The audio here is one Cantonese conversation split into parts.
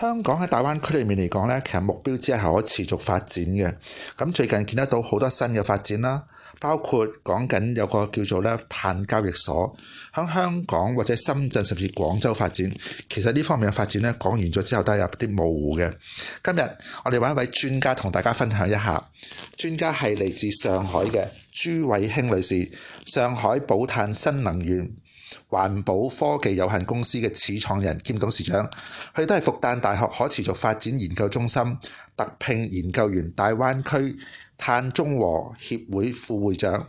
香港喺大灣區裏面嚟講咧，其實目標只係可持續發展嘅。咁最近見得到好多新嘅發展啦，包括講緊有個叫做咧碳交易所，響香港或者深圳甚至廣州發展。其實呢方面嘅發展咧講完咗之後都係有啲模糊嘅。今日我哋揾一位專家同大家分享一下，專家係嚟自上海嘅朱偉卿女士，上海寶碳新能源環保科技有限公司嘅始創人兼董事長，佢都係復旦大學可持續發展研究中心特聘研究員、大灣區碳中和協會副會長、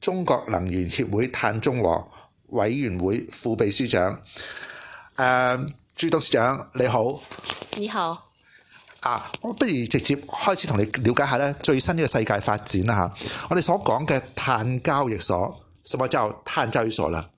中國能源協會碳中和委員會副秘書長。誒、呃，朱董事長你好，你好。你好啊，我不如直接開始同你了解下咧最新呢個世界發展啦吓。我哋所講嘅碳交易所，乜嘢就碳交易所啦。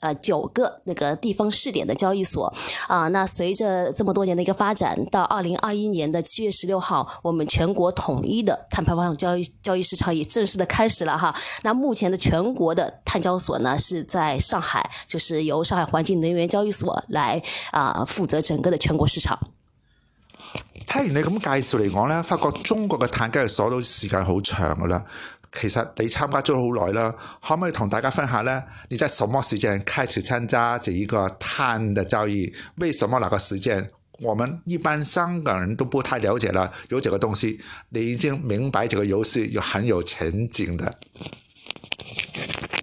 呃，九個那個地方試點的交易所、呃，那隨着這麼多年的一個發展，到二零二一年的七月十六號，我們全國統一的碳排放交易交易市場也正式的開始了哈。那目前的全國的碳交所呢是在上海，就是由上海環境能源交易所來啊、呃、負責整個的全國市場。聽完你咁介紹嚟講呢，發覺中國嘅碳交易所都時間好長㗎喇。其實你參加咗好耐啦，可唔可以同大家分享呢？你在什麼時間開始參加這一個碳的交易？為什麼那個時間？我們一般香港人都不太了解啦。有這個東西，你已經明白這個遊戲有很有前景的。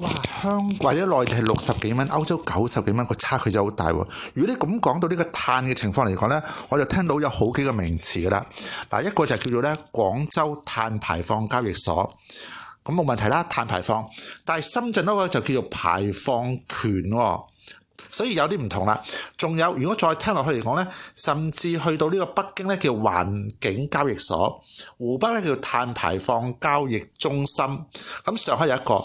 哇！香貴咗內地六十幾蚊，歐洲九十幾蚊，個差距就好大喎。如果你咁講到呢個碳嘅情況嚟講咧，我就聽到有好幾個名詞噶啦。嗱，一個就叫做咧廣州碳排放交易所，咁冇問題啦。碳排放，但係深圳嗰個就叫做排放權，所以有啲唔同啦。仲有，如果再聽落去嚟講咧，甚至去到呢個北京咧叫環境交易所，湖北咧叫碳排放交易中心，咁上海有一個。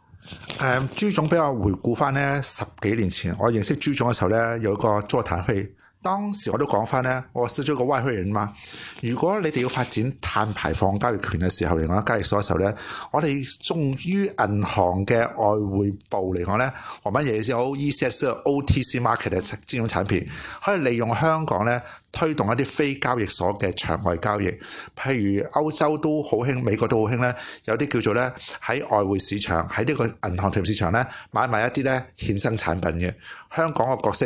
誒，朱總俾我回顧翻咧，十幾年前我認識朱總嘅時候咧，有一個座談會。當時我都講翻咧，我話失咗個歪概念啊嘛。如果你哋要發展碳排放交易權嘅時，時候，嚟講交易所嘅時候咧，我哋終於銀行嘅外匯部嚟講咧，我乜嘢好 ECS OTC market 嘅資產產品，可以利用香港咧推動一啲非交易所嘅場外交易。譬如歐洲都好興，美國都好興咧，有啲叫做咧喺外匯市場喺呢個銀行貼市場咧買賣一啲咧衍生產品嘅香港嘅角色。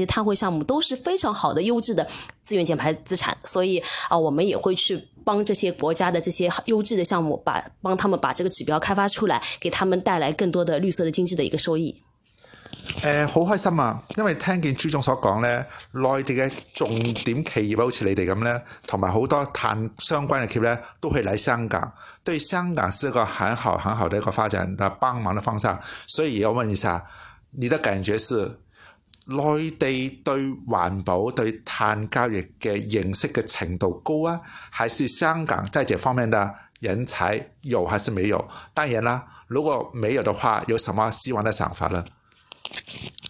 碳匯項目都是非常好的優質的資源減排資產，所以啊，我們也會去幫這些國家的這些優質的項目，把幫他們把這個指標開發出來，給他們帶來更多的綠色的經濟的一個收益，呃。誒，好開心啊！因為聽見朱總所講呢，內地嘅重點企業，好似你哋咁呢，同埋好多碳相關嘅企業呢，都可以嚟香港。對香港是一個很好、很好的一個發展的幫忙的方向。所以要問一下，你的感覺是？內地對環保，對碳交易嘅認識嘅程度高啊，還是香港在呢方面嘅人才有還是沒有？當然啦，如果沒有嘅話，有什麼希望嘅想法呢？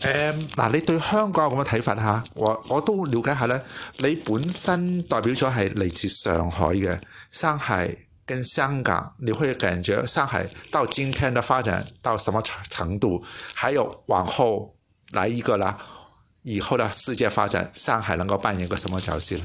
誒嗱，um, 你對香港有咁嘅睇法嚇？我我都了解下咧。你本身代表咗係嚟自上海嘅，上海跟香港，你會感覺上海到今天嘅發展到什麼程度？還有往後來一個啦，以後的世界發展，上海能夠扮演一個什麼角色呢？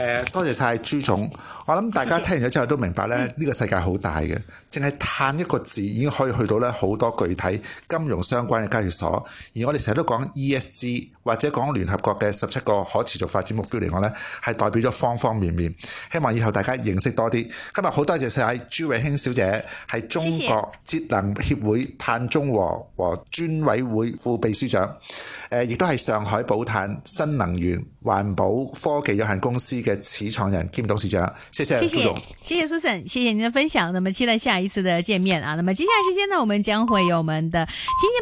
誒多謝晒朱總，我諗大家聽完咗之後都明白咧，呢個世界好大嘅，淨係碳一個字已經可以去到咧好多具體金融相關嘅交易所。而我哋成日都講 ESG 或者講聯合國嘅十七個可持續發展目標嚟講咧，係代表咗方方面面。希望以後大家認識多啲。今日好多謝晒朱偉卿小姐，係中國節能協會碳中和和專委會副秘書長，亦都係上海寶碳新能源。環保科技有限公司嘅創始人兼董事長，謝謝蘇總，謝謝 Susan，重謝，謝，謝謝您的分享，那麼期待下一次的見面啊！那麼接下來時間呢，我們將會有我們的今天。